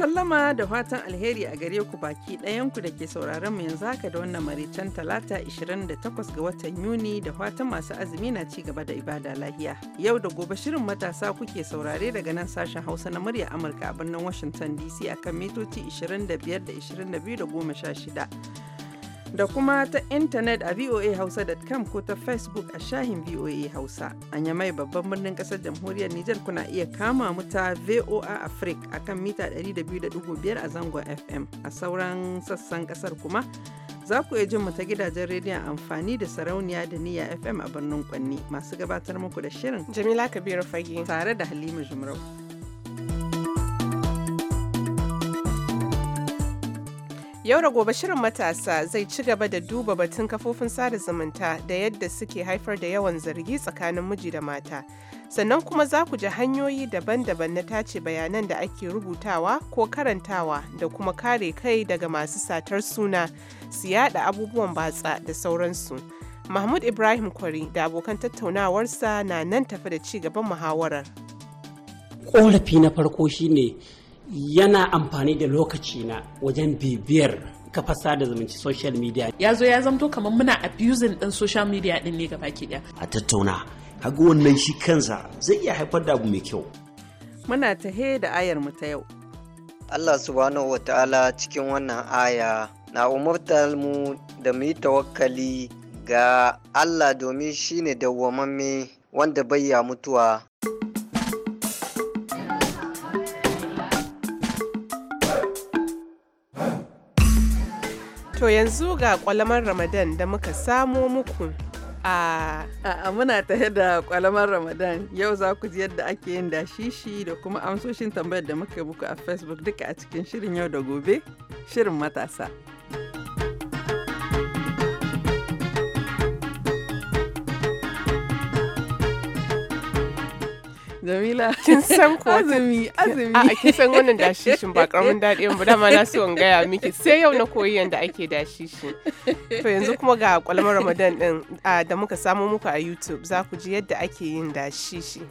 sallama da fatan alheri a gare ku baki ɗayanku da ke sauraron mu yanzu haka da wannan maritan talata 28 ga watan Yuni da fatan masu azumi na ci gaba da ibada lahiya. Yau da gobe shirin matasa kuke saurare daga nan sashen Hausa na murya Amurka a birnin Washington DC akan mitoci 25 da 22 da kuma ta intanet a voahausa.com ko ta facebook a shahin voa hausa a mai babban birnin kasar jamhuriyar nijar kuna iya kama mu ta voa africa kan mita 200.5 a zangon fm a sauran sassan kasar kuma za ku iya jin mu ta gidajen rediyon amfani da sarauniya da niyya fm a birnin kwanni masu gabatar muku da shirin jamila kabiru fage tare da halima jumrau Yau da gobe shirin matasa zai ci gaba da duba batun kafofin sada zumunta da yadda suke haifar da yawan zargi tsakanin miji da mata. Sannan kuma za ku ji hanyoyi daban-daban na tace bayanan da ake rubutawa ko karantawa da kuma kare kai daga masu satar suna, su yada abubuwan batsa da sauransu. Mahmud Ibrahim Kwari da abokan tattaunawarsa na nan tafi da ci gaban muhawarar. Ƙorafi na farko shine yana amfani da lokaci na wajen bibiyar kafa sada zumunci social media ya zo ya zamto kamar muna abusing din social media din ne gaba ke a tattauna hagu wannan shi kansa zai iya haifar da abu mai kyau muna tahe da ayar mu ta yau Allah subhanahu Ta'ala cikin wannan aya na umurtar mu da mu yi tawakkali ga Allah domin shine dawwamamme wanda bai ya mutuwa To yanzu ga kwalamar Ramadan da muka samo muku. A muna tare da kwalamar Ramadan yau za ku ji yadda ake yin da shishi da kuma amsoshin tambayar da muka yi muku a Facebook duka a cikin shirin yau da gobe, shirin matasa. Jamila. Kin san ko azumi azumi. A kin san wannan dashishin ba karamin daɗi ba dama na so in gaya miki sai yau na koyi yanda ake dashishi. To yanzu kuma ga kwalmar Ramadan din da muka samo muku a YouTube za ku ji yadda ake yin dashishi.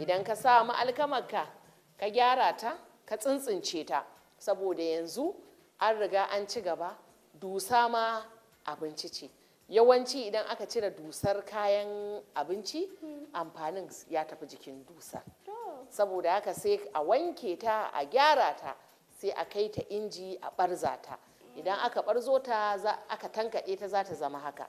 Idan ka samu alkamarka ka gyara ta ka tsintsince ta saboda yanzu an riga an ci gaba dusa ma abinci ce yawanci idan aka cire dusar kayan abinci hmm. amfanin ya tafi jikin dusa saboda haka sai a wanke ta a gyara ta sai a kai ta inji a barza ta idan hmm. aka barzo ta aka tankaɗe ta za ta zama haka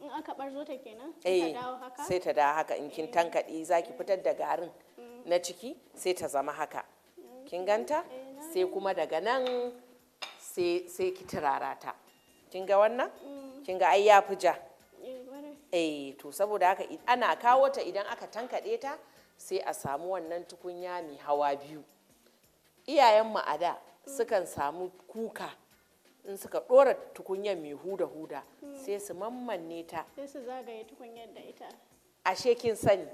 in aka barzo ta kenan sai ta eh, dawo haka sai ta dawo haka in kin eh. tankaɗe za ki fitar da garin hmm. na ciki sai ta zama haka kin ganta eh, sai kuma daga nan sai ki turara ta kin ga wannan mm. kin ga ai ya fi ja eh, eh to saboda haka ana kawo ta idan aka tankaɗe ta sai a samu wannan tukunya mai hawa biyu iyayen a da mm. sukan samu kuka in suka ɗora tukunyar mai huda-huda mm. sai su mammanne ta sai su zagaye tukunyar da ita ashe kin sani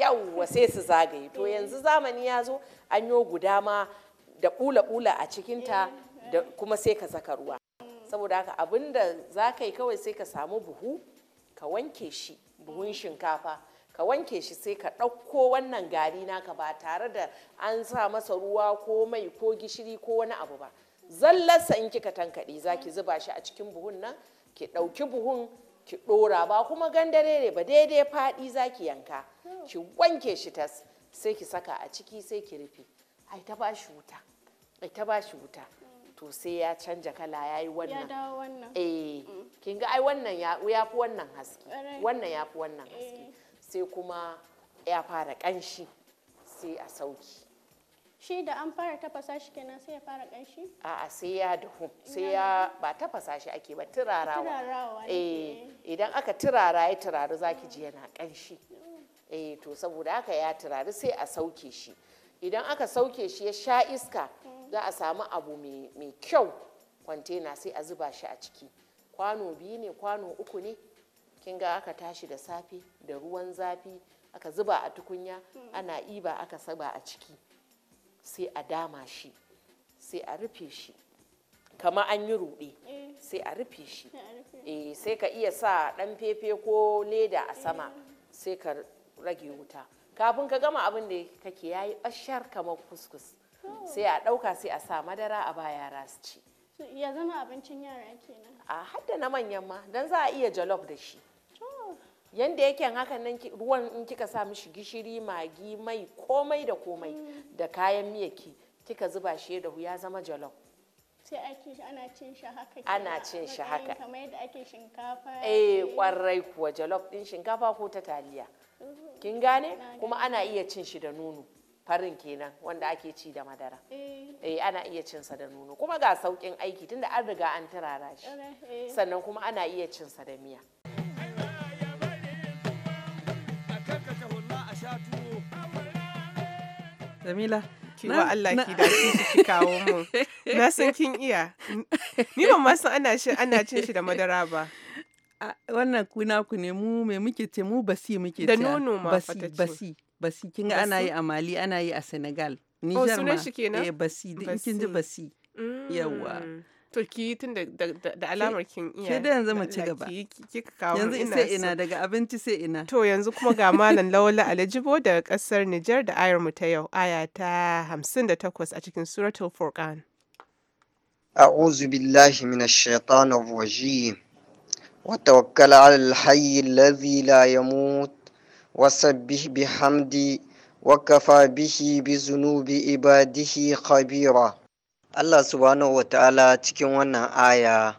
yawwa sai su zagaye to eh. yanzu zamani ya zo an yo guda ma da ɓula-ɓula a cikinta eh. kuma sai ka saka ruwa saboda haka abinda za ka yi kawai sai ka samu buhu ka wanke shi buhun shinkafa ka wanke shi sai ka ɗauko wannan gari naka ba tare da an sa masa ruwa ko mai ko gishiri ko wani abu ba zallarsa in kika tankaɗe za ki zuba shi a cikin buhun nan ki ɗauki buhun ki ɗora ba kuma gandare ne ba daidai faɗi za ki yanka ki wanke shi tas sai ki saka a ciki sai ki rufe ai ta ba shi wuta ai ta ba shi wuta to sai ya canja kala ya yi wannan ya dawo wannan eh mm. kin ga ai wannan ya fi wannan haske wannan ya fi wannan eh. haske sai kuma ya fara kanshi sai a sauki shi da an fara tafasa shi kenan sai ya fara kanshi a'a sai ya dahu sai ya ba tafasa shi ake ba turarawa eh idan aka turara ya turaru zaki ji yana kanshi mm. eh to saboda haka ya turaru sai a sauke shi idan aka sauke shi ya sha iska mm. za a samu abu mai kyau kwantena sai a zuba shi a ciki kwano biyu ne kwano uku ne kin ga aka tashi da safe da ruwan zafi aka zuba a tukunya ana iba aka saba a ciki sai a dama shi sai a rufe shi kama an yi ruɗe eh. sai a rufe shi eh, sai ka iya sa ɗan fefe ko leda a sama sai ka rage wuta kafin ka gama abin da kake yayi bashar kamar kuskus sai a ɗauka sai a sa madara a ba yara su ci ya zama abincin yara kenan a hadda na manyan ma don za a iya jalof da shi yanda yake hakan nan ruwan in kika sa mishi gishiri magi mai komai da komai mm. da kayan miyaki kika zuba shi da ya zama jalof sai ana cin shi haka ana cin shi haka kamar yadda ake shinkafa eh kwarai kuwa jalof din shinkafa ko ta taliya mm. kin gane kuma ana iya cin shi da nono farin kenan wanda ake ci da madara eh, eh ana iya cinsa da nono kuma ga saukin aiki tunda an riga an turara shi eh. sannan kuma ana iya cinsa da miya Jamila, kiwa Allah ki da ki kawo mu Na san kin iya. Ni ba ma san ana ana cin shi da madara ba. Wannan kuna ku ne mu me muke ce mu basi muke ce. Da nono ma basi basi. basi kin ga ana yi a mali ana yi a senegal oh, nijar ma eh basi in kin ji basi yawa mm. to ki tun da, da, alamar kin iya ke da yanzu mu ci gaba yanzu ina sai ina daga abinci sai ina to yanzu kuma ga malam lawala alajibo daga kasar Nijar da ayar mu ta yau aya ta 58 a cikin suratul furqan أعوذ بالله من الشيطان الرجيم وتوكل على الحي الذي لا يموت وسبح بحمدي وكفى به بذنوب عباده خبيرا الله سبحانه وتعالى cikin wannan aya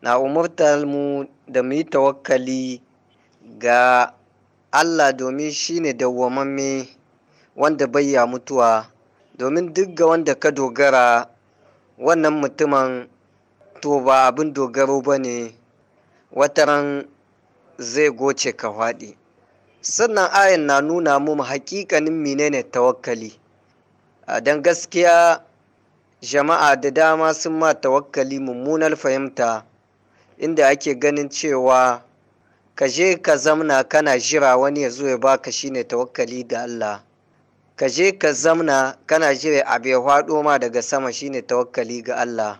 na umurtar mu da mu tawakkali ga Allah domin shine dawwamamme wanda bayya mutuwa domin duk ga wanda ka dogara wannan mutumin to ba abin dogaro ba ne wataran zai goce ka faɗi sannan ayan na nuna mu hakikanin menene tawakkali don gaskiya jama'a da dama sun ma tawakkali mummunar fahimta inda ake ganin cewa ka je ka zamna kana jira wani ya zo ya baka shine tawakkali ga Allah ka je ka zamna kana jira abu ya faɗo ma daga sama shine tawakkali ga Allah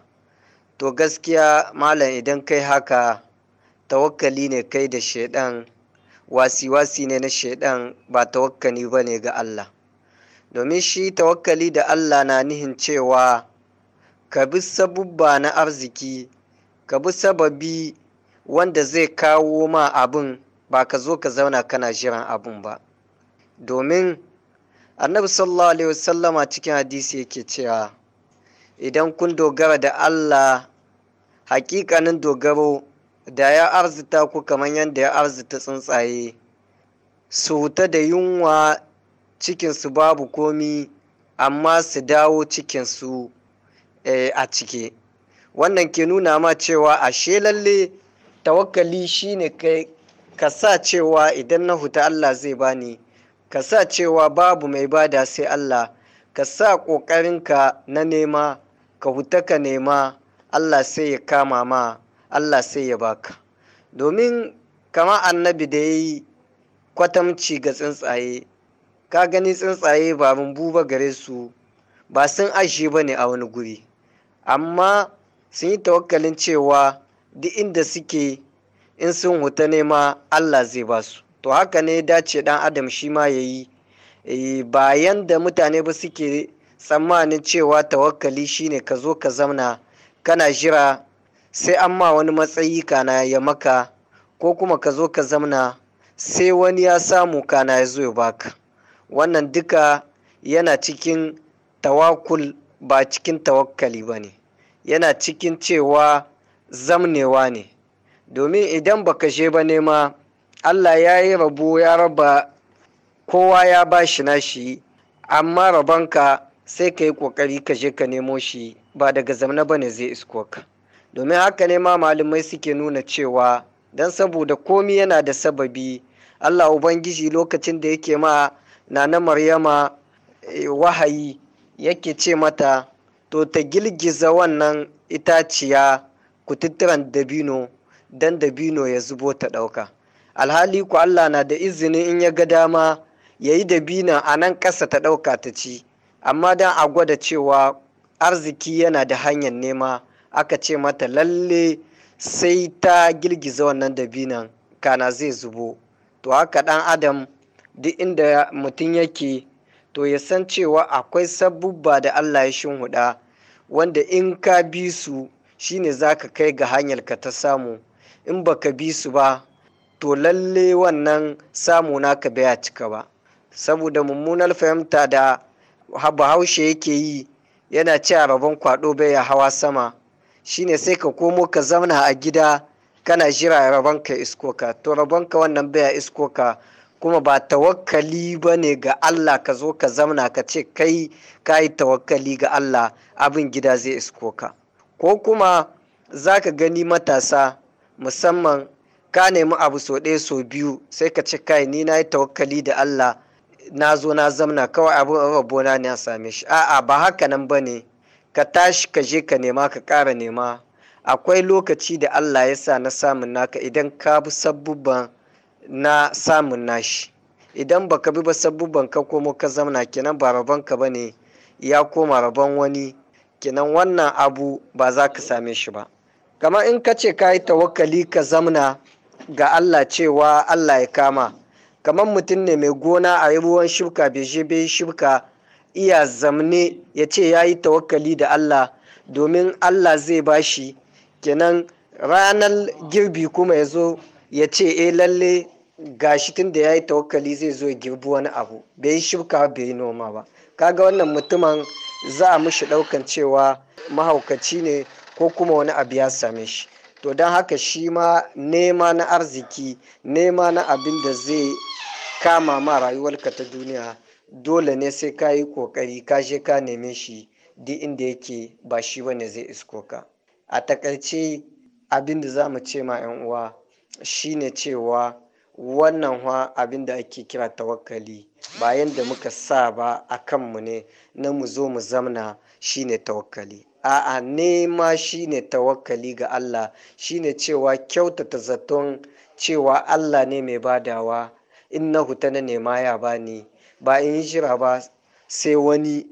to gaskiya malam idan kai haka tawakkali ne kai da shaidan wasi-wasi ne na shaidan ba tawakkali ba ne ga Allah domin shi tawakkali da Allah na nihin cewa ka bi sabubba na arziki ka bi sababi wanda zai kawo ma abin ba ka zo ka zauna kana jiran abin ba domin annabi sallallahu alaihi wasallama cikin hadisi yake cewa idan kun dogara da Allah hakikanin dogaro da ya arzita ku kamar yadda ya arzita tsuntsaye su huta da yunwa cikinsu babu komi amma su dawo cikinsu e, a cike wannan ke nuna ma cewa ashe lalle tawakkali shine kai ka sa cewa idan na huta Allah zai bani ka sa cewa babu mai bada sai Allah ka sa ƙoƙarinka na nema ka huta ka nema Allah sai ya kama ma Allah sai ya baka domin kama annabi da ya yi kwatamci ga tsuntsaye ka gani tsuntsaye ba mun ba gare su ba sun ashe ba ne a wani guri amma sun yi tawakkalin cewa duk inda suke in sun huta nema Allah zai ba su to haka ne dace dan adam shi ma ya yi eh, bayan da mutane ba suke tsammanin cewa tawakkali shine ka zo ka zamna kana jira sai an ma wani matsayi kana ya maka ko kuma ka zo ka zamna sai wani ya samu kana ya zo ya baka wannan duka yana cikin tawakul ba cikin tawakkali ba ne yana cikin cewa zamnewa ne domin idan baka je ba nema allah ya yi rabo ya raba kowa ya ba shi nashi amma rabanka sai ka yi ƙoƙari ka je ka nemo shi ba daga zamna ba ne zai isko ka domin haka ne ma malamai suke nuna cewa don saboda komi yana da sababi allah ubangiji lokacin da yake ma nana maryama eh, wahayi yake ce mata to ta girgiza wannan itaciya kututturan dabino don dabino ya zubo ta ɗauka alhali ku allah na da izinin in ya ga dama ya yi dabina a nan ƙasa ta ɗauka ta ci amma don a gwada cewa arziki yana da hanyar nema aka ce mata lalle sai ta girgiza wannan dabinan kana zai zubo to haka dan adam duk inda mutum yake to ya san cewa akwai sabubba da allah ya shinhuda wanda in ka bi su shine za ka kai ga hanyar ka ta samu in baka bi su ba to lalle wannan samu naka baya cika ba saboda mummunar fahimta da bahaushe yake yi yana a rabon kwado bai hawa sama shine sai ka komo ka zamna a gida kana jira rabon ka iskoka to rabon ka wannan baya iskoka kuma ba tawakkali ba ne ga Allah ka zo ka zamna ka ce kai ka yi tawakkali ga Allah abin gida zai iskoka ko kuma za ka gani matasa musamman ka nemi abu so ɗaya so biyu sai ka ce kai ni na yi tawakkali da Allah na zo na zamna kawai abu rabona ne a same shi a'a ba haka nan ba ne ka tashi ka je ka nema ka ƙara nema akwai lokaci da allah ya sa na samun naka idan ka bi sabubban na samun nashi idan ba ka bi ba sabubban ka komo ka zamna kenan ba rabon ka ba ne ya koma rabon wani kenan wannan abu ba za ka same shi ba kamar in ka ce ka yi tawakkali ka zamna ga allah cewa allah ya kama kamar mutum ne mai gona a yi ruwan shuka bai je bai shuka iya zamne ya ce ya yi tawakkali da Allah domin Allah zai ba shi kenan ranar girbi kuma ya zo ya ce e lalle gashi tun da ya yi tawakkali zai zo girbi wani abu bai yi shuka bai yi noma ba kaga wannan mutumin za a mushi ɗaukan cewa mahaukaci ne ko kuma wani abu ya same shi to don haka shi ma nema na arziki nema na abin da zai kama ma rayuwarka ta duniya dole ne sai ka yi ƙoƙari ka je ka neme shi duk inda yake ba shi wane zai isko ka a takaice abin da za mu ce ma 'yan uwa shine cewa wannan wa abin da ake kira tawakali bayan da muka sa ba a kanmu ne na mu zo mu zamna shine tawakkali a'a nema shine tawakali ga Allah shine cewa kyautata zaton cewa Allah ne mai badawa in na huta na nema ya bani ba in yi hijira ba sai wani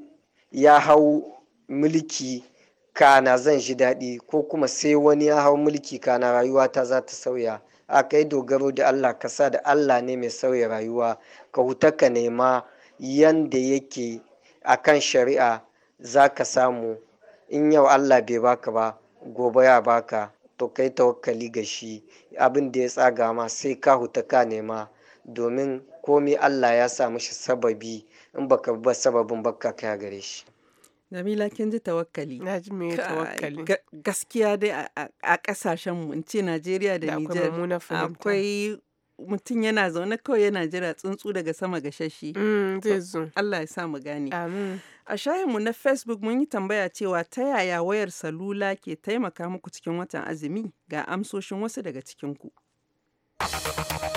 ya hau mulki kana zan ji daɗi ko kuma sai wani ya hau mulki kana rayuwata za ta sauya a kai dogaro da allah ka sa da allah ne mai sauya rayuwa ka huta ka nema yanda yake a kan shari'a za ka samu in yau allah bai baka ba gobe ya baka to kai tawakkali ga shi abin da ya tsaga ma sai ka huta ka nema domin komi Allah ya sa mishi sababi in baka ba sababin baka kai gare shi Jamila kin ji tawakkali. Na ji me tawakkali. Gaskiya dai a kasashen mu ce Najeriya da Nijar akwai mutum yana zaune kawai yana jira tsuntsu daga sama ga shashi. Mm, zai zo. Allah ya sa mu gane. A A mu na Facebook mun yi tambaya cewa ta yaya wayar salula ke taimaka muku cikin watan azumi ga amsoshin wasu daga cikinku. ku.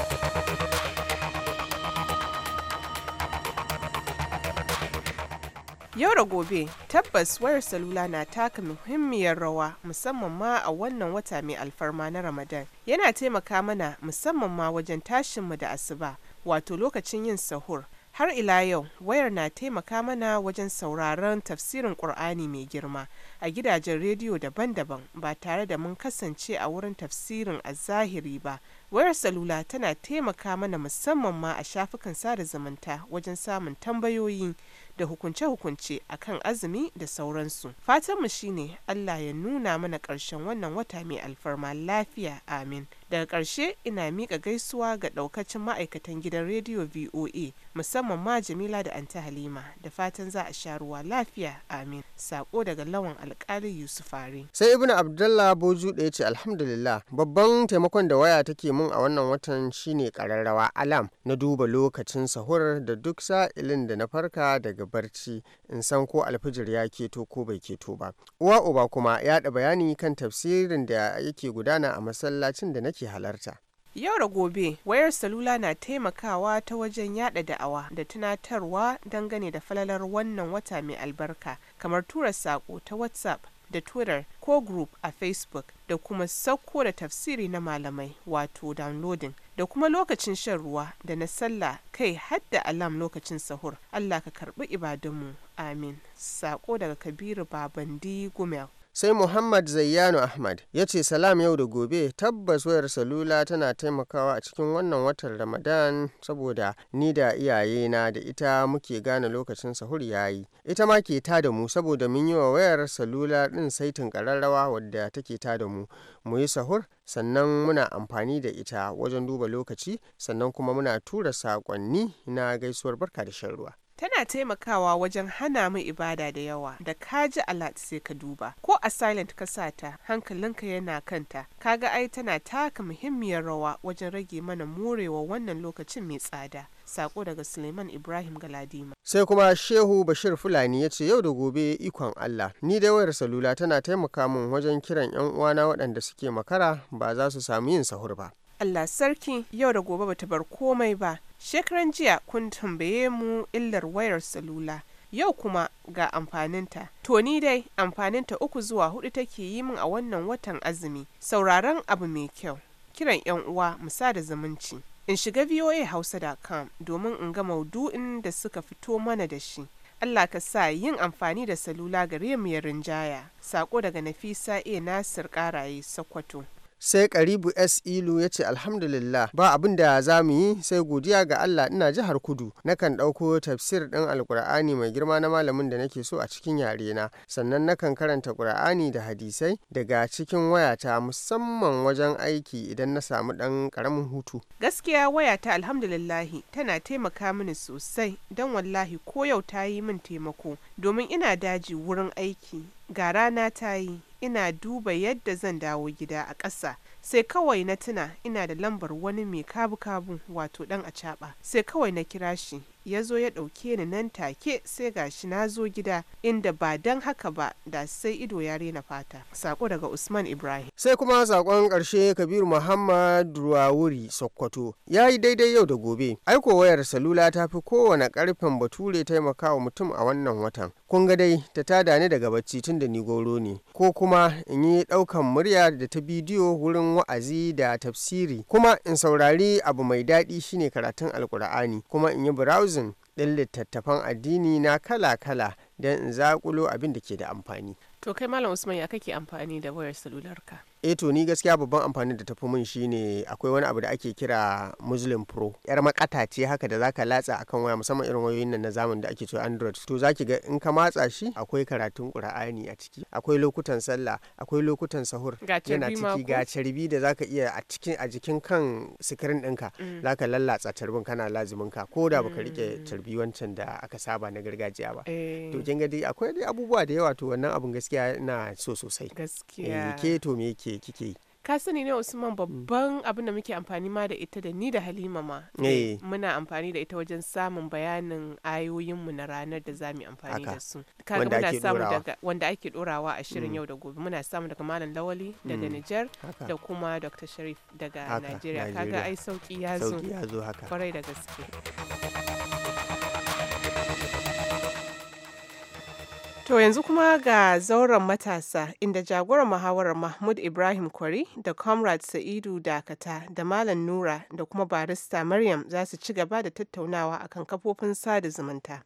Yau da gobe tabbas wayar salula na taka muhimmiyar rawa musamman ma a wannan wata mai alfarma na Ramadan. Yana taimaka mana musamman ma wajen tashin mu da asuba, wato lokacin yin sahur. Har ila yau wayar na taimaka mana wajen sauraron tafsirin Kur'ani mai girma a gidajen rediyo daban-daban ba tare da mun kasance a wurin tafsirin a zahiri ba. Wayar salula tana taimaka mana musamman ma a shafukan sada zumunta wajen samun tambayoyi. da hukunce-hukunce a kan azumi da sauransu. Fatanmu shine Allah ya nuna mana ƙarshen wannan wata mai alfarma lafiya amin. Daga ƙarshe ina miƙa gaisuwa ga ɗaukacin ma'aikatan gidan Rediyo VOA musamman ma Jamila da anta Halima da fatan za a sha ruwa lafiya amin. Sako daga Lawan yusuf ari Sai Ibn Abdullah Boju ɗaya ce alhamdulillah babban taimakon da waya take mun a wannan watan shine ƙararrawa alam na duba lokacin sahur da duk sa'ilin da na farka daga barci in san ko alfijir ya keto ko bai keto ba. Uwa uba kuma ya bayani kan tafsirin da yake gudana a masallacin da nake ake halarta. Yau da gobe, wayar salula na taimakawa ta wajen yada da'awa da tunatarwa dangane da falalar wannan wata mai albarka, kamar tura sako ta WhatsApp da Twitter ko group a Facebook da kuma sauko da tafsiri na malamai wato downloading da kuma lokacin shan ruwa da na sallah kai hadda alam lokacin sahur. Allah ka karbi ibadunmu. Amin. Sako daga Kabiru Babandi Gumel. sai muhammad zayyano ahmad ya ce salam yau da gobe tabbas wayar salula tana taimakawa a cikin wannan watan ramadan saboda ni da iyayena da ita muke gane lokacin sahur ya yi ita ma ke ta da mu saboda mun yi wa wayar salula din saitin kararrawa wadda take ta da mu mu yi sahur sannan muna amfani da ita wajen duba lokaci sannan kuma muna tura saƙonni na gaisuwar barka da ruwa tana taimakawa wajen hana mu ibada da yawa da ka ji alat sai ka duba ko a silent ka sa ta hankalinka yana kanta kaga ai tana taka muhimmiyar rawa wajen rage mana morewa wannan lokacin mai tsada sako daga suleiman ibrahim galadima sai kuma shehu bashir fulani ya ce yau da gobe ikon allah ni dai wayar salula tana taimaka min wajen kiran yan uwana waɗanda suke makara ba za su samu yin sahur ba Allah sarki yau da gobe bata bar komai ba. Shekaran jiya kun tambaye mu illar wayar salula. Yau kuma ga amfaninta. To ni dai amfaninta uku zuwa hudu take yi min a wannan watan azumi. Sauraron abu mai kyau. Kiran 'yan uwa musa da zumunci. In shiga voa Hausa.com domin in ga maudu'in da suka fito mana da shi. Allah ka sa yin amfani da salula gare mu ya rinjaya. Sako daga Nafisa A. Nasir Karaye Sokoto. sai karibu s ilu ya ce alhamdulillah ba abin da za mu yi sai godiya ga allah ina jihar kudu nakan ɗauko tafsir ɗin alkur'ani mai girma na malamin da nake so a cikin yare na sannan nakan karanta kur'ani da hadisai daga cikin wayata musamman wajen aiki idan na samu ɗan karamin hutu gaskiya wayata alhamdulillah tana taimaka mini sosai don wallahi ko yau ta yi min taimako domin ina daji wurin aiki ga rana ta yi ina duba yadda zan dawo gida a ƙasa sai kawai na tuna ina da lambar wani mai kabu-kabu wato ɗan acaɓa sai kawai na kira shi ya zo ya ɗauke ni nan take sai gashi na zo gida inda ba don haka ba da sai ido ya rena fata sako daga usman ibrahim sai kuma sakon ƙarshe kabiru muhammad ruwawuri sokoto ya yi daidai yau da gobe aiko wayar salula ta fi kowane ƙarfin bature taimakawa mutum a wannan watan kun ga dai ta tada ni daga bacci tun da ni goro ne ko kuma in yi ɗaukan murya da ta bidiyo wurin wa'azi da tafsiri kuma in saurari abu mai daɗi shine karatun alkur'ani kuma in yi browsing ɗin littattafan addini na kala-kala don in zaƙulo abin da ke da amfani to kai malam usman ya kake amfani da wayar salularka E to ni gaskiya babban amfanin da tafi mun ne akwai wani abu da ake kira muslim pro yar makata ce haka da zaka latsa akan waya musamman irin wayoyin nan na zamani da ake cewa android to zaki ga in ka matsa shi akwai karatun qur'ani a ciki akwai lokutan sallah akwai lokutan sahur yana ciki ga charbi da zaka iya a cikin a jikin kan sikirin ɗinka mm. zaka lallatsa carbin kana lazumin ka ko da baka rike mm. carbi wancan da aka saba na gargajiya ba eh. to kin ga dai akwai dai abubuwa da yawa to wannan abun gaskiya ina so sosai gaskiya eh, ke to me ke. kike kike ka sani ne usman hmm. babban abin da muke amfani ma da ita da ni da halima ma eh. muna amfani da ita wajen samun bayanin ayoyinmu na ranar da za amfani da su wanda ake daga wanda ake dorawa a shirin hmm. yau da gobe muna samu daga malam lawali daga hmm. niger da kuma dr sharif daga nigeria kaga ai sauki ya zo kwarai da gaske To yanzu kuma ga zauren matasa inda jagoran muhawarar Mahmud Ibrahim Kwari da Comrade Sa'idu Dakata da Malam Nura da kuma barista Maryam za su ci gaba da tattaunawa akan kafofin sada zumunta.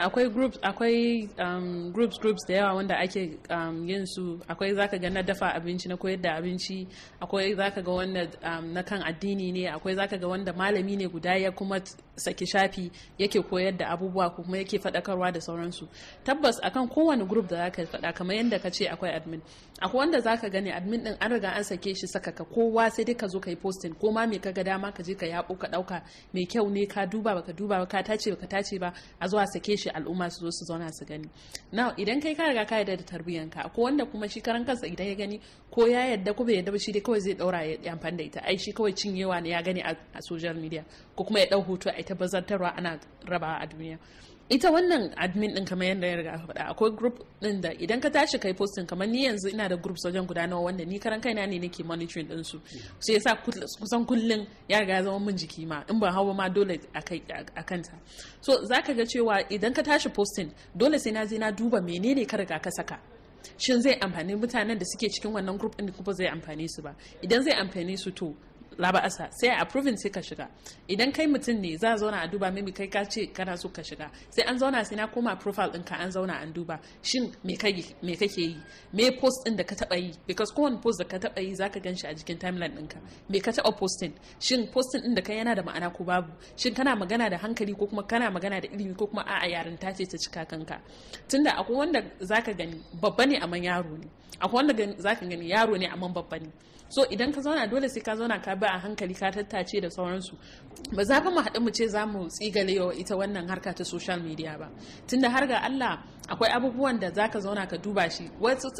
akwai groups akwai um, groups groups da yawa wanda ake um, yin su akwai zaka ga na dafa abinci na koyar da abinci akwai zaka ga wanda um, na kan addini ne akwai zaka ga wanda malami ne guda ya kuma saki shafi yake koyar da abubuwa kuma yake faɗakarwa da sauransu tabbas akan kowane group da zaka faɗa kamar yadda ka ce akwai admin akwai wanda zaka gani admin din an riga an sake shi saka ka kowa sai dai ka zo ka yi posting ko ma me ka ga dama ka je ka yabo ka ɗauka me kyau ne ka duba baka duba ba ka tace baka tace ba a zuwa sake shi shi al'umma su zo su zauna su gani na idan kai ka riga ka yarda da tarbiyyanka ko wanda kuma shi karan kansa idan ya gani ko ya yarda ko bai yarda ba shi dai kawai zai daura ya amfani da ita ai shi kawai cinyewa ne ya gani a social media ko kuma ya dau hoto a ita bazantarwa ana rabawa a duniya ita wannan admin din kamar yadda ya riga faɗa akwai group din da idan ka tashi kai posting kamar ni yanzu ina da groups wajen guda nawa wanda ni karan kaina ne nake monitoring din su sai yasa kusan kullun ya riga zama min jiki ma in ban hawa ma dole a kanta so zaka ga cewa idan ka tashi posting dole sai na je na duba menene ka riga ka saka shin zai amfani mutanen da suke cikin wannan group din kuma zai amfani su ba idan zai amfani su to asa sai a approving sai ka shiga idan kai mutum ne za a zauna a duba mimi kai ka ce kana so ka shiga sai an zauna sai na koma profile ɗinka an zauna an duba shin me kake yi me post ɗin da ka taɓa yi because kowane post da ka taɓa yi zaka gan shi a jikin timeline ɗinka me ka taɓa posting shin posting ɗin da kai yana da ma'ana ko babu shin kana magana da hankali ko kuma kana magana da ilimi ko kuma a'a yarinta ce ta cika kanka tunda akwai wanda zaka gani babba ne amma yaro ne akwai wanda zaka gani yaro ne amma babba ne so idan ka zauna dole sai ka zauna ka bi a hankali ka tattace da sauransu ba za mu haɗu mu ce za mu tsigale wa ita wannan harka ta social media ba tunda har ga Allah akwai abubuwan da zaka zauna ka duba shi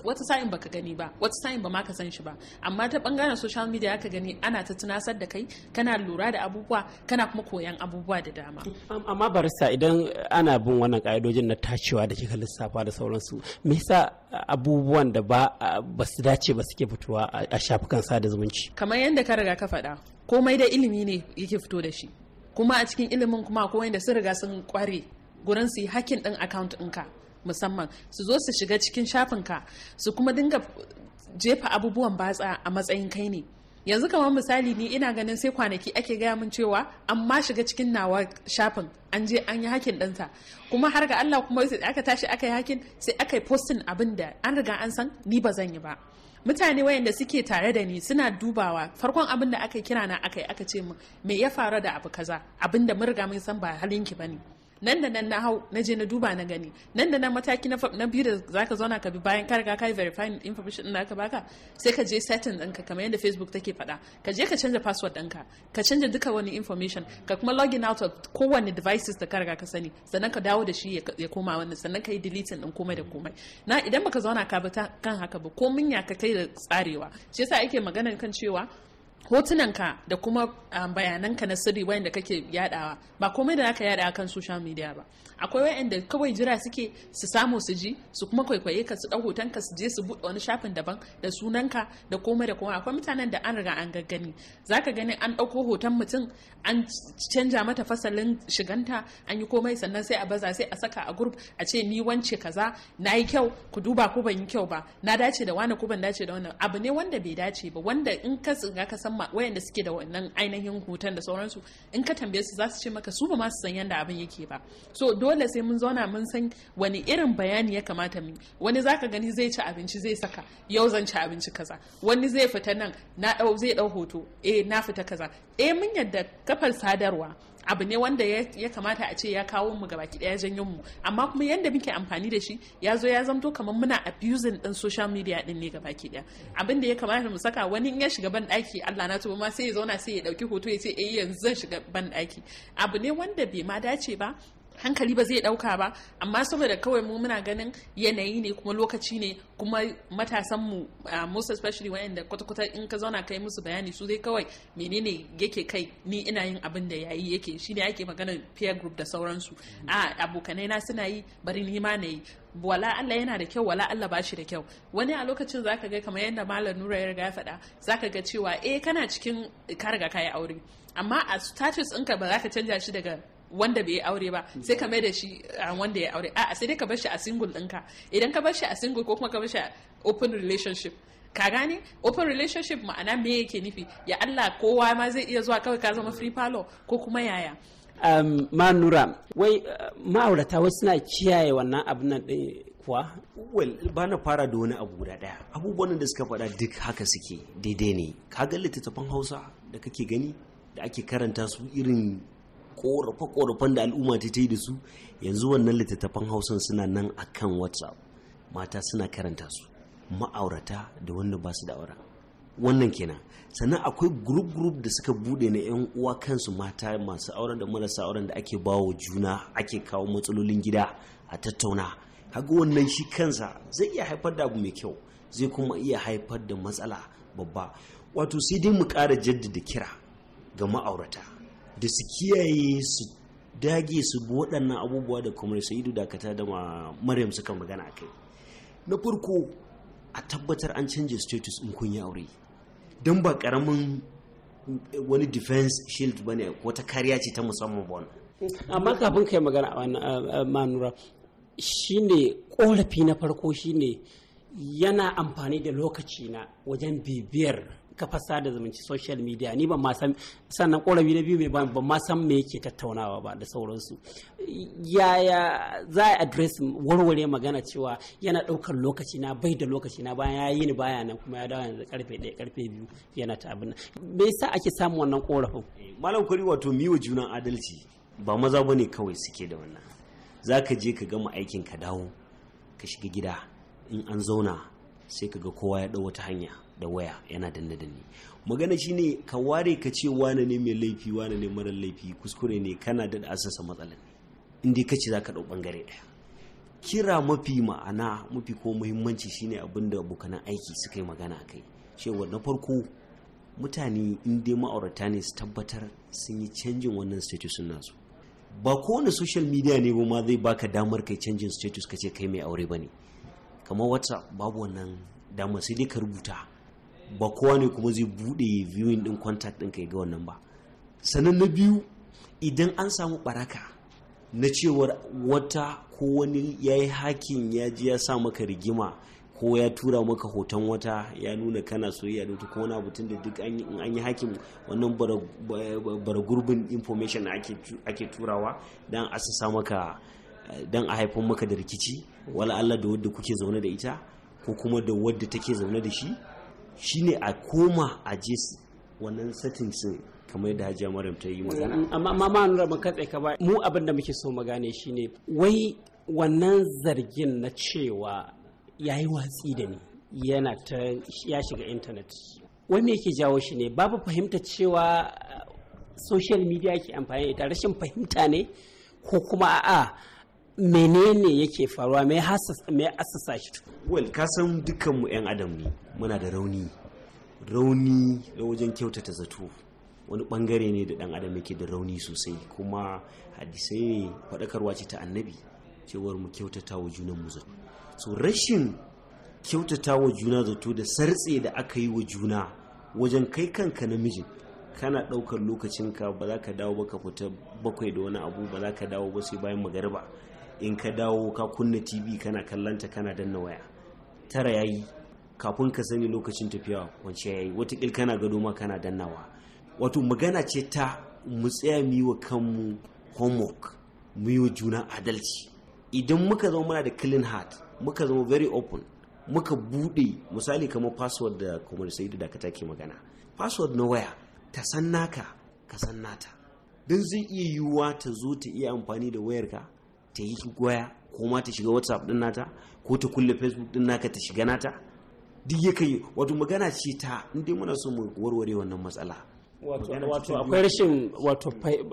wata sa'in baka gani ba wata sa'in ba ma ka san shi ba amma ta bangaren social media ka gani ana ta tunasar da kai kana lura da abubuwa kana kuma koyan abubuwa da dama amma barista idan ana bin wannan ka'idojin na tacewa da kika lissafa da sauransu me yasa abubuwan da ba su dace ba suke fitowa a shafukan kafafen sada zumunci kamar yadda ka riga ka faɗa komai da ilimi ne yake fito da shi kuma a cikin ilimin kuma akwai wanda sun riga sun kware gurin su yi hakin ɗin akaunt ɗinka musamman su zo su shiga cikin shafinka su kuma dinga jefa abubuwan batsa a matsayin kai ne yanzu kamar misali ni ina ganin sai kwanaki ake gaya min cewa an ma shiga cikin nawa shafin an je an yi hakin ɗinsa kuma har ga Allah kuma da aka tashi aka yi hakin sai aka yi postin abin da an riga an san ni ba zan yi ba mutane wayanda suke tare da ni suna dubawa farkon abin da aka kira na aka yi aka ce mu me ya faru da abu kaza abin da mun riga mun san ba halin ki bane nan da nan na hau na je na duba na gani nan da nan mataki na biyu da zaka zauna ka bi bayan ka riga ka yi verifying information din da aka baka sai ka je setting ɗinka kamar yadda facebook take faɗa ka je ka canza password ɗinka ka canza duka wani information ka kuma login out of kowane devices da ka riga ka sani sannan ka dawo da shi ya koma wannan sannan ka yi deleting ɗin komai da komai na idan baka zauna ka bi kan haka ba ko ya ka kai da tsarewa shi yasa ake magana kan cewa hotunanka da kuma ah, bayananka na sirri wayanda kake yadawa ba komai da zaka yada kan social media ba akwai wayanda kawai jira suke su samu su ji su kuma kwaikwaye ka su dau hotonka su je su bude wani shafin daban da sunanka da komai da komai akwai mutanen da an riga an gaggani zaka gani an dauko hoton mutum an canja mata fasalin shiganta an yi komai sannan sai a baza sai a saka a group a ce ni wance kaza na yi kyau ku duba ko ban yi kyau ba na dace da wani ko ban dace da wani abu ne wanda bai dace ba wanda in ka ka san wayanda suke da wannan ainihin hoton da sauransu in ka tambaye su za su ce maka su ba ma su san yadda abin yake ba so dole sai mun zauna mun san wani irin bayani ya kamata mu wani zaka gani zai ci abinci zai saka yau zan ci abinci kaza wani zai fita nan na dau zai dau hoto eh na fita kaza eh mun yadda kafar sadarwa abu ne wanda ya kamata a ce ya kawo mu gabaki daya janyo mu amma kuma yadda muke amfani da shi ya zo ya zamto kamar muna abusing ɗin social media din ne gabaki daya abin da ya kamata mu saka wani in ya shiga ban daki Allah na tuba ma sai ya zauna sai ya dauki hoto ya ce eh yanzu zan shiga ban daki abu ne wanda bai ma dace ba hankali ba zai dauka ba amma saboda kawai mu muna ganin yanayi ne kuma lokaci ne kuma matasan mu most especially wayanda kwata-kwata in ka zauna kai musu bayani su zai kawai menene yake kai ni ina yin abin da yayi yake shine ake magana peer group da sauransu a abokanai na suna yi bari ni ma na wala Allah yana da kyau wala Allah bashi da kyau wani a lokacin zaka ga kamar yadda malam Nura ya riga ya faɗa zaka ga cewa eh kana cikin ka riga kai aure amma a status ɗinka ba za ka canja shi daga wanda bai aure ba sai ka mai da shi wanda ya aure a sai dai ka bar shi a single ɗinka idan ka bar shi a single ko kuma ka bar shi a open relationship ka gane open relationship ma'ana me yake nufi ya Allah kowa ma zai iya zuwa kawai ka zama free parlor ko kuma yaya um, ma nura wai uh, ma'aurata wasu na kiyaye wannan abu nan din kuwa well ba na fara da wani abu guda daya abubuwan da suka faɗa duk haka suke daidai ne ka ga littattafan hausa da kake gani da ake karanta su irin korafe-korafen da al'umma ta ta yi da su yanzu wannan littattafan hausan suna nan a kan whatsapp mata suna karanta su ma'aurata da wanda ba su da aura wannan kenan sannan akwai group group da suka bude na yan uwa kansu mata masu auren da marasa auren da ake bawo juna ake kawo matsalolin gida a tattauna haka wannan shi kansa zai iya haifar da abu mai kyau zai kuma iya haifar da matsala babba wato sai dai mu kara jaddada kira ga ma'aurata da su kiyaye su dage su bu waɗannan abubuwa da kuma sa'idu dakata da maryam suka magana a kai na farko a tabbatar an canza status in kun yi aure don ba karamin eh, wani defense shield ba ne wata kariya ce ta musamman ba amma kafin kai magana a manura shine ƙorafi na farko shine yana amfani da lokaci na wajen bibiyar kafar da zumunci social media ni ban ma san sannan korafi na biyu mai ban ban ma san me yake tattaunawa ba da sauransu yaya za a address warware magana cewa yana daukar lokaci na bai da lokaci na bayan ya yi ni baya nan kuma ya dawo yanzu karfe 1 karfe 2 yana ta abin me yasa ake samu wannan korafin eh, malam kuri wato miwa junan adalci ba maza bane kawai suke da wannan zaka je ka gama aikin ka dawo ka shiga gida in an zauna sai ka ga kowa ya ɗau wata hanya da waya yana danne danne magana shine ka ware ka ce wane ne mai laifi wane ne mara laifi kuskure ne kana da asasa matsalan inda ka ce za ka ɗau ɓangare ɗaya kira mafi ma'ana mafi ko muhimmanci shine abin da abokanan aiki suka yi magana a kai cewa na farko mutane in ma'aurata ne su tabbatar sun yi canjin wannan status nasu ba kowane social media ne ba ma zai baka damar kai canjin status ka ce kai mai aure ba ne kamar whatsapp babu wannan damar sai dai ka rubuta ba kowa ne kuma zai bude viewing din contact din ka ga wannan ba sannan na biyu idan an samu baraka na cewar wata ko wani ya yi hakin ya ji ya sa maka rigima ko ya tura maka hoton wata ya nuna kana soyayya da ko wani abu da duk an yi hakin wannan baragurbin information ake turawa don asasa maka don a haifar maka da rikici wala Allah da wadda kuke zaune da ita ko kuma da wadda take zaune da shi Shi ne a koma a je wannan settings kamar da hajiya maryam ta yi magana mm, amma amma ma nura ban katsai ka ba mu abin da muke so mu gane shine wai wannan zargin na cewa yayi watsi da ni yana ta ya shiga intanet wai me yake jawo shi ne babu fahimta cewa uh, social media ke amfani da ita rashin fahimta ne ko kuma a'a menene yake faruwa mai assasa shi well kasan dukkanmu 'yan adam ne muna da rauni rauni da wajen kyautata zato wani bangare ne da dan adam yake da rauni sosai kuma hadisai ne faɗakarwa ce ta annabi cewar mu kyautata wa mu zato so rashin kyautata wa juna zato da sartse da aka yi wa juna wajen kai kanka namijin kana ɗaukar lokacinka ba za ka dawo ba ka fita bakwai da wani abu ba za ka dawo ba sai bayan magariba in ka dawo ka kunna tv kana kallanta kana danna waya tara yayi kafin ka sani lokacin tafiya kwanciya yayi wata kil kana gado ma kana dannawa wato magana ce ta mu tsaya mu yi wa kanmu homework mu yi juna adalci idan muka zama muna da clean heart muka zama very open muka bude misali kamar password da kuma sai da ka take magana password na waya ta san naka ka san nata don zai iya yiwuwa ta zo ta iya amfani da wayarka ta yi gwaya ko ma ta shiga whatsapp din nata ko ta kulle facebook din naka ta shiga nata duk ya kai wato magana ce ta inda muna so mu warware wannan matsala wato akwai rashin wato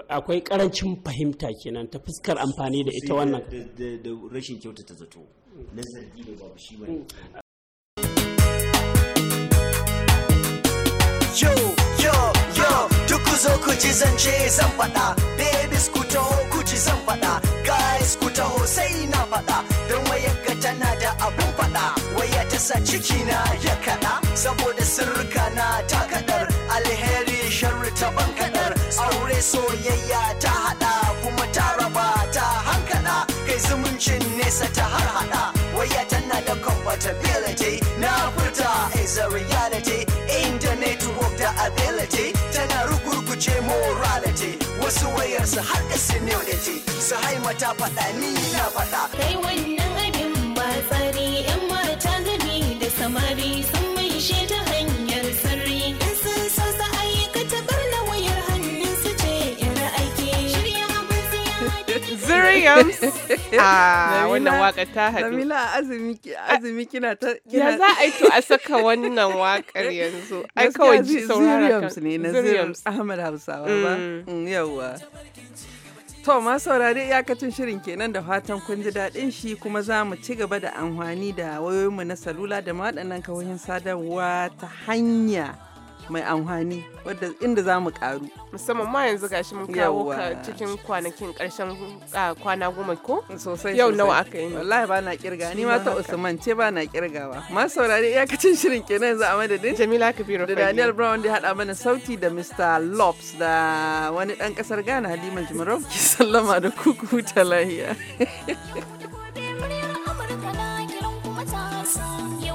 akwai karancin fahimta kenan ta fuskar amfani da ita wannan da rashin kyautata zato na yo yo yo duk kuzo zo ku ji zance zan faɗa yasa cikina ya kaɗa saboda sirrika na ta kaɗar alheri sharri ta ban kaɗar aure soyayya ta haɗa kuma ta raba ta hankala, kai zumuncin nesa ta har haɗa waya tana da compatibility na furta is a reality internet work da ability tana rugurguje morality wasu wayar su har da senility su haima ta faɗa ni na fada. kai wannan abin samari sun maishe ta hanyar sarri in sun so su aikata barna wayar hannun su ce yar aiki shirya abin Ziriyam a ah, wannan waka ta haɗu. Jamila azumi kina ta Ya za a yi to a saka wannan wakar yanzu. Ai kawai ji saurara kan. Ziriyams ne na Ziriyams Ahmad Hausawa ba. Mm. Yawwa. To ma saurari iyakacin shirin kenan da fatan kun ji daɗin shi kuma za mu ci gaba da amfani da wayoyinmu na salula da waɗannan kawoyin sadarwa ta hanya mai amfani wadda inda za mu karu musamman ma yanzu gashi mun kawo ka cikin kwanakin karshen kwana goma ko sosai yau nawa aka yi wallahi ba na kirga ni ma ta usman ce ba na kirgawa ma saurari iyakacin shirin kenan yanzu a madadin jamila kabiru da daniel brown da hada mana sauti da mr lobs da wani dan kasar ghana halima jimarau ki sallama da kuku ta lahiya Yeah.